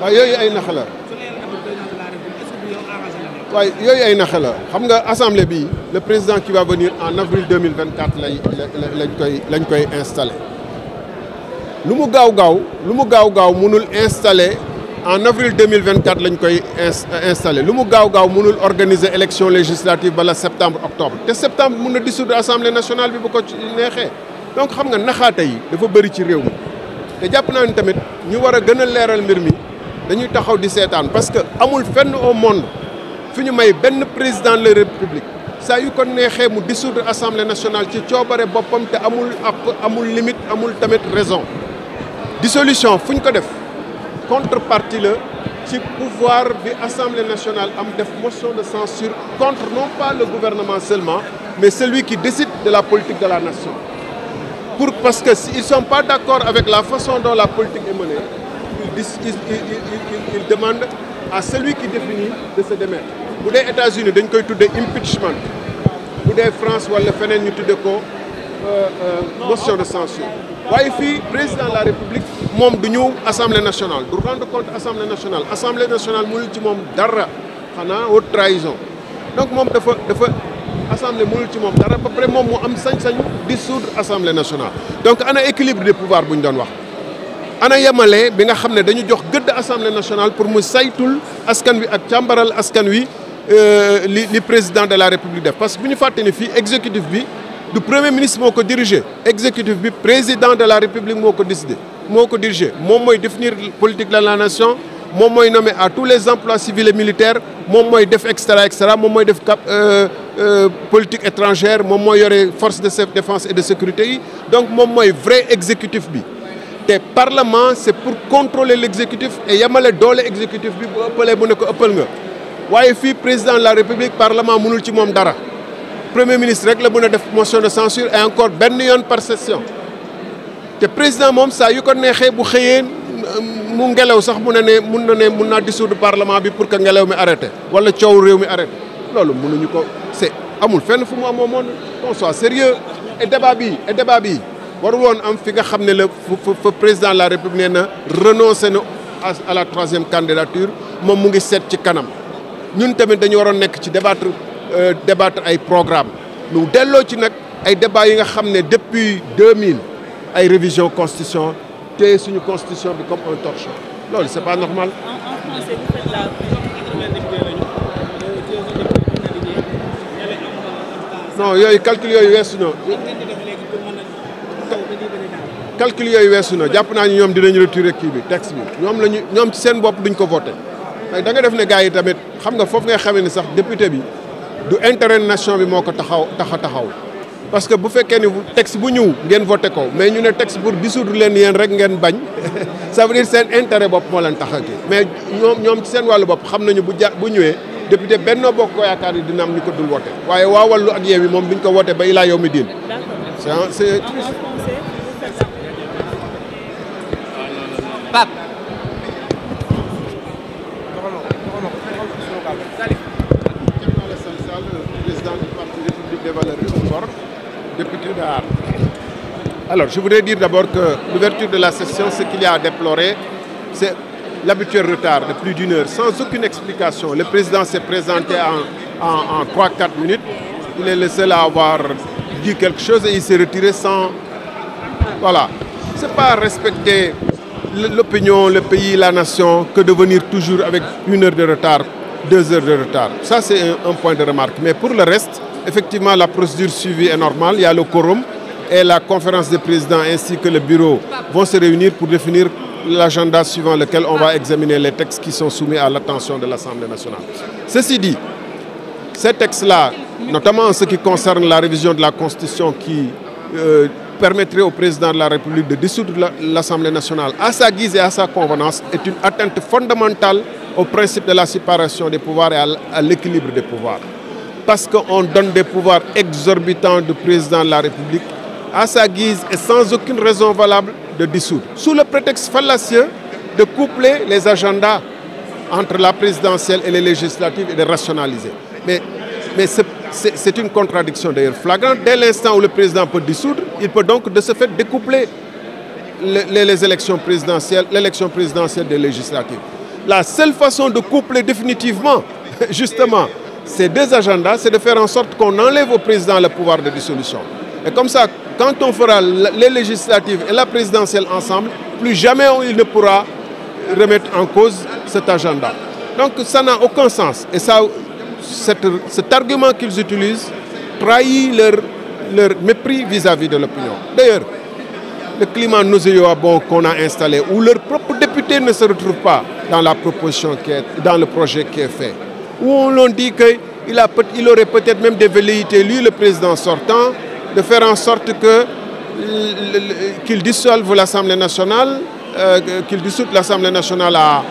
waaw yooyu ay nax la waaye yooyu ay nax xam nga assemblée bi le président qui va venir en avril 2024 lay lañ koy lañ koy installé lu mu gaaw gaaw lu mu gaaw gaaw mënul installé en avril 2024 lañ koy installé lu mu gaaw gaaw mënul organiser élection législative bala septembre octobre te septembre mun na dissoudre assemblée nationale bi bu ko neexee donc xam nga naxaate yi dafa bëri ci réew mi te jàpp naa ni tamit ñu war a gën a leeral mbir mi dañuy taxaw di seetaan parce que amul fenn au monde fi ñu may benn président de la république saa yu ko neexee mu dissoudre assemblée nationale ci coobare boppam te amul àpp amul limite amul tamit raison dissolution fu ñu ko def contrepartie la ci pouvoir bi assemblée nationale am def motion de censure contre non pas le gouvernement seulement mais celui qui décide de la politique de la nation pour parce que s'ils sont pas d'accord avec la façon dont la politique est il, il, il, demande à celui qui définit de se démettre bu dee États-Unis dañ koy tuddee impeachment bu dee France wala feneen ñu tudde ko euh, euh, motion de censure waaye fii président de la République moom du ñëw assemblée nationale du rendre compte assemblée nationale assemblée nationale mënul ci moom dara xanaa haute trahison donc moom dafa dafa assemblée mënul ci moom dara ba pare moom mu am sañ-sañu dissoudre assemblée nationale donc ana équilibre des pouvoirs bu ñu doon wax ana yamale bi nga xam ne dañu jox gëdd assemblée nationale pour mu saytul askan wi ak càmbaral askan wi euh, li li président de la république def parce que bu ñu fàtte ni fii exécutif bi du premier ministre moo ko diriger exécutif bi président de la république moo ko décidé moo ko diriger moom mooy définir politique de la nation moom mooy nommer à tous les emplois civils et militaires moom mooy def extra extra moom mooy def cap euh, euh, politique étrangère moom mooy yore force de défense et de sécurité yi donc moom mooy vrai exécutif bi te parlement c'est pour contrôler l'exécutif et yamale doole exécutif bi bu ëppalee bu ne ko ëppal nga waaye fii président de la république parlement mënul ci moom dara premier ministre rek la mën a def motion de censure et encore benn yoon par session te président moom saa yu ko neexee bu xëyee mu ngelaw sax mu ne ne mun na ne mun naa dissoudre parlement bi pour que ngelaw mi arrêté wala coow réew mi arrêté loolu ñu ko c'est amul fenn fu mu amoon moon qu'on soit sérieux et bi débat bi war woon am fi nga xam ne la fa président de la république nee na renoncé na à la troisième candidature moom mu ngi seet ci kanam ñun tamit dañu waroon nekk ci débattre débattre ay programme lu delloo ci nag ay débat yi nga xam ne depuis mille ay révision constitution téye suñu constitution bi comme un torchon loolu c'est pas normal. en yooyu calcul yooyu weesu na. calcul yooyu weesu na jàpp naa ñu ñoom dinañ retirer kii bi texte bi la ñu ñoom ci seen bopp duñ ko voté da nga def ne gars yi tamit xam nga foofu ngay xamee ne sax député bi du intérêt nation bi moo ko taxaw taxa taxaw parce que bu fekkee ni texte bu ñëw ngeen voté ko mais ñu ne texte pour dissoudre leen yéen rek ngeen bañ ça seen intérêt bopp moo leen tax a kii mais ñoom ñoom ci seen wàllu bopp xam nañu bu ja bu ñëwee député Benno Bokk ko yaakaar yi dina am ñu ko dul voté waaye waa Wallu ak Yewwi moom duñ ko voté ba ilaa yow mi diin Pape. Alors, je voudrais dire d'abord que l'ouverture de la session, ce qu'il y a à déplorer, c'est l'habituel retard de plus d'une sans aucune explication. Le président s'est présenté en, en, en 3-4 minutes. Il est le seul avoir dit quelque chose et il s'est retiré sans... Voilà. C'est pas respecter l'opinion, le pays, la nation, que de venir toujours avec une heure de retard, deux de retard. c'est un, point de remarque. Mais pour le reste, effectivement, la procédure suivie est normale. Il y a le quorum et la conférence des présidents ainsi que le bureau vont se réunir pour définir l'agenda suivant lequel on va examiner les textes qui sont soumis à l'attention de l'Assemblée nationale. Ceci dit, ces textes-là, notamment en ce qui concerne la révision de la Constitution qui euh, permettrait au président de la République de dissoudre l'Assemblée nationale à sa guise et à sa convenance est une atteinte fondamentale au principe de la séparation des pouvoirs et à l'équilibre des pouvoirs. Parce qu'on donne des pouvoirs exorbitants du président de la République à sa guise et sans aucune raison valable de dissoudre. Sous le prétexte fallacieux de coupler les agendas entre la présidentielle et les législatives et de rationaliser. c'est une contradiction d'ailleurs flagrante. Dès l'instant où le président peut dissoudre, il peut donc de ce fait découpler les, les élections présidentielles, l'élection présidentielle des législatives. La seule façon de coupler définitivement, justement, ces deux agendas, c'est de faire en sorte qu'on enlève au président le pouvoir de dissolution. Et comme ça, quand on fera les législatives et la présidentielle ensemble, plus jamais il ne pourra remettre en cause cet agenda. Donc ça n'a aucun sens. Et ça, cette, cet argument qu'ils utilisent trahit leur, leur mépris vis-à-vis -vis de l'opinion. D'ailleurs, le climat nauséeux à bon qu'on a installé, où leurs propres députés ne se retrouvent pas dans la proposition qui est, le projet qui est fait, où on dit qu'il aurait peut-être même des velléités, lui, le président sortant, de faire en sorte que qu'il dissolve l'Assemblée nationale, euh, qu'il dissoute l'Assemblée nationale à,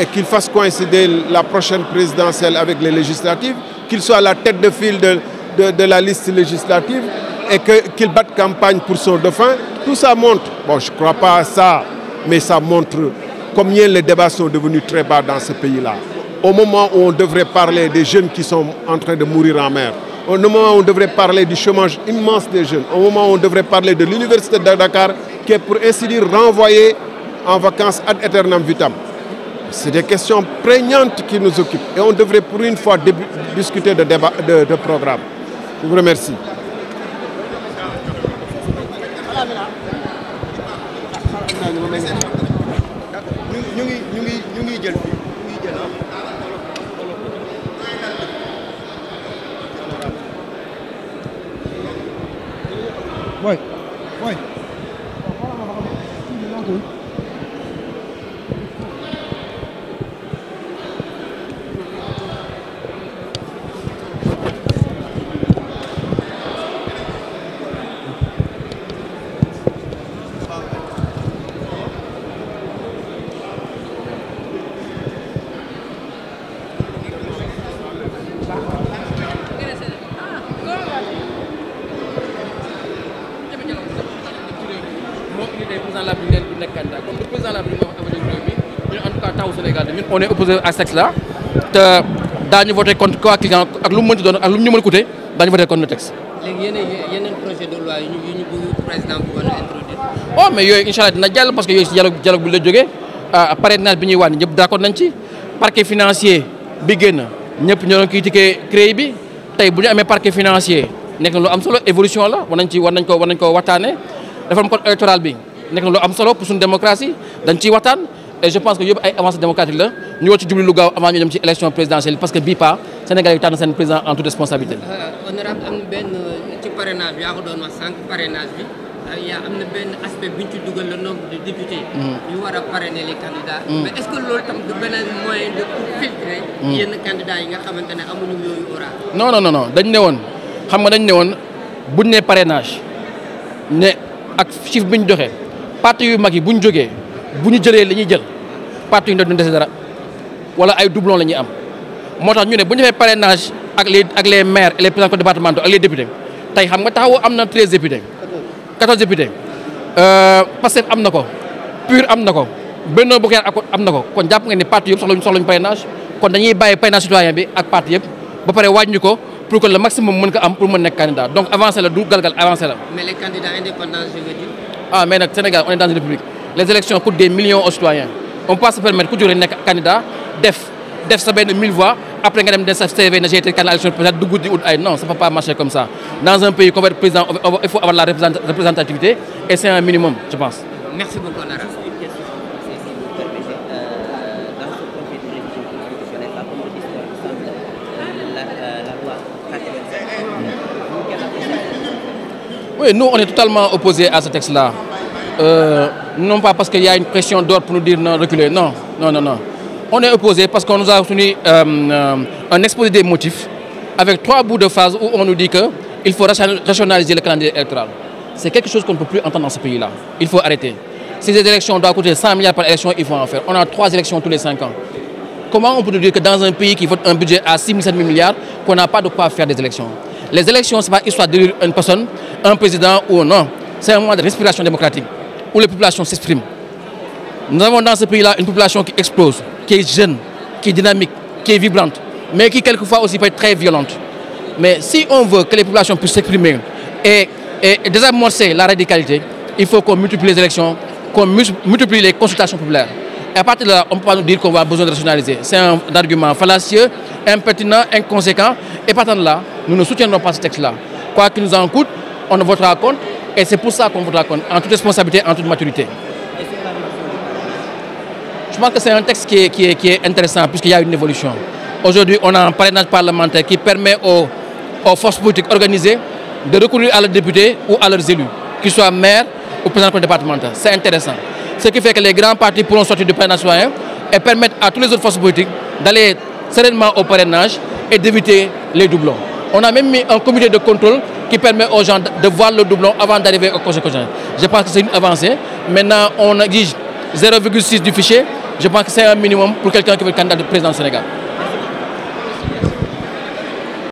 et qu'il fasse coïncider la prochaine présidentielle avec les législatives, qu'il soit à la tête de file de, de, de la liste législative et qu'il qu batte campagne pour son dauphin. Tout ça montre, bon je ne crois pas à ça, mais ça montre combien les débats sont devenus très bas dans ce pays-là. Au moment où on devrait parler des jeunes qui sont en train de mourir en mer, au moment où on devrait parler du chômage immense des jeunes, au moment où on devrait parler de l'université de Dakar qui est pour ainsi dire renvoyée en vacances ad aeternam vitam. C'est des questions prégnantes qui nous occupent et on devrait pour une fois discuter de, débat, de, de programme. Je vous remercie. Oui, oui. le président de la République du nekk wax avenir lu mu doon ñu mën a coûté ñu yi ñu bëgg président bu bëgg a oh, yooyu incha allah dina parce que yooyu si dialogue dialogue bi ah, ñuy wàññi ñëpp d'accord nañ ci parquet financier bi génn ñëpp ñoo doon critiqué CREI bi tey bu ñu amee parquet financier nekk na lu am solo évolution la war nañ ci war nañ ko war nañ ko waxtaanee électoral bi nekk na lu am solo pour suñu démocratie dañ ciy waxtaan et je pense que yëpp ay avancées démocratiques la ñu war ci jublu lu gaaw avant ñu dem ci élection présidentielle parce que bii pa Sénégal yi tànn seen président en toute responsabilité. Euh, honorable am na benn euh, ci parrainage bi yaa ko doon wax sànq parrainage bi. Euh, yaa am na benn aspect bu ñu dugal le nombre de députés. yu mm. war a parrainer les candidats. Mm. mais loolu tam du moyen de pour filtrer. Mm. yenn candidats dañ ne woon xam nga dañ ne woon buñ ne parrainage ak chiffre bi ñu joxe. parti yu mag yi bu ñu jógee bu ñu jëlee li ñuy jël parti yu ndaw duñ dese dara wala ay doublon la ñuy am moo tax ñu ne bu ñu defee parrainage ak les ak les maires et les présidents départementaux ak les députés tey xam nga taxawu am na treize députés quatorze députés euh, Pastef am na ko PUR am na ko Benno Bokk Yaakaar am na ko kon jàpp nga ni parti yëpp soxla ñu soxla ñu parrainage kon dañuy bàyyi parrainage citoyen bi ak parti yëpp ba pare wàññi ko pour que le maximum mën ko am pour mën nekk candidat donc avancé la du galgal avancé la. ah on est dans une république les élections coûtent des millions aux citoyens on peut permettre ku jóge nekk candidat def sa benn mille après nga dem de sa CV na j'ai été candidat à l'élection présidentielle dugg di ut non ça pas marcher comme ça dans un pays comme le président il faut avoir la représentativité et c'est un minimum je pense. Oui, nous, on est totalement opposés à ce texte-là. Euh, non pas parce qu'il y a une pression d'ordre pour nous dire non, reculer. Non, non, non, non. On est opposés parce qu'on nous a obtenu euh, euh exposé des motifs avec trois bouts de phase où on nous dit qu'il faut rationaliser le calendrier électoral. C'est quelque chose qu'on ne peut plus entendre dans ce pays-là. Il faut arrêter. Si les élections doivent Comment on peut nous dire que dans un pays qui vote un budget à 6 Les élections, ce n'est pas histoire d'élire une personne, un président ou un homme. C'est un moment de respiration démocratique où les populations s'expriment. Nous avons dans ce pays-là une population qui explose, qui est jeune, qui est dynamique, qui est vibrante, mais qui quelquefois aussi peut être très violente. Mais si on veut que les populations puissent s'exprimer et, et, désamorcer la radicalité, il faut qu'on multiplie les élections, qu'on multiplie les consultations populaires. on ne peut pas nous dire qu'on va besoin de rationaliser. C'est impertinent, inconséquent. Et partant de là, nous ne soutiendrons pas ce texte-là. Quoi nous en coûte, on votera contre. Et c'est pour ça qu'on votera contre, en toute responsabilité, en toute maturité. Je pense que c'est un texte qui est, intéressant, puisqu'il y a une évolution. Aujourd'hui, on a un parrainage parlementaire qui permet aux, aux forces politiques organisées de recourir à leurs députés ou à leurs élus, qu'ils soient maires ou présidents de départemental. Ce sereinement au parrainage et d'éviter les doublons. On a même mis un comité de contrôle qui permet aux gens de voir le doublon avant d'arriver au conseil constitutionnel. Je pense que c'est une avancée. Maintenant, on exige du fichier. Je pense que c'est un minimum pour quelqu'un qui veut candidat de président du Sénégal.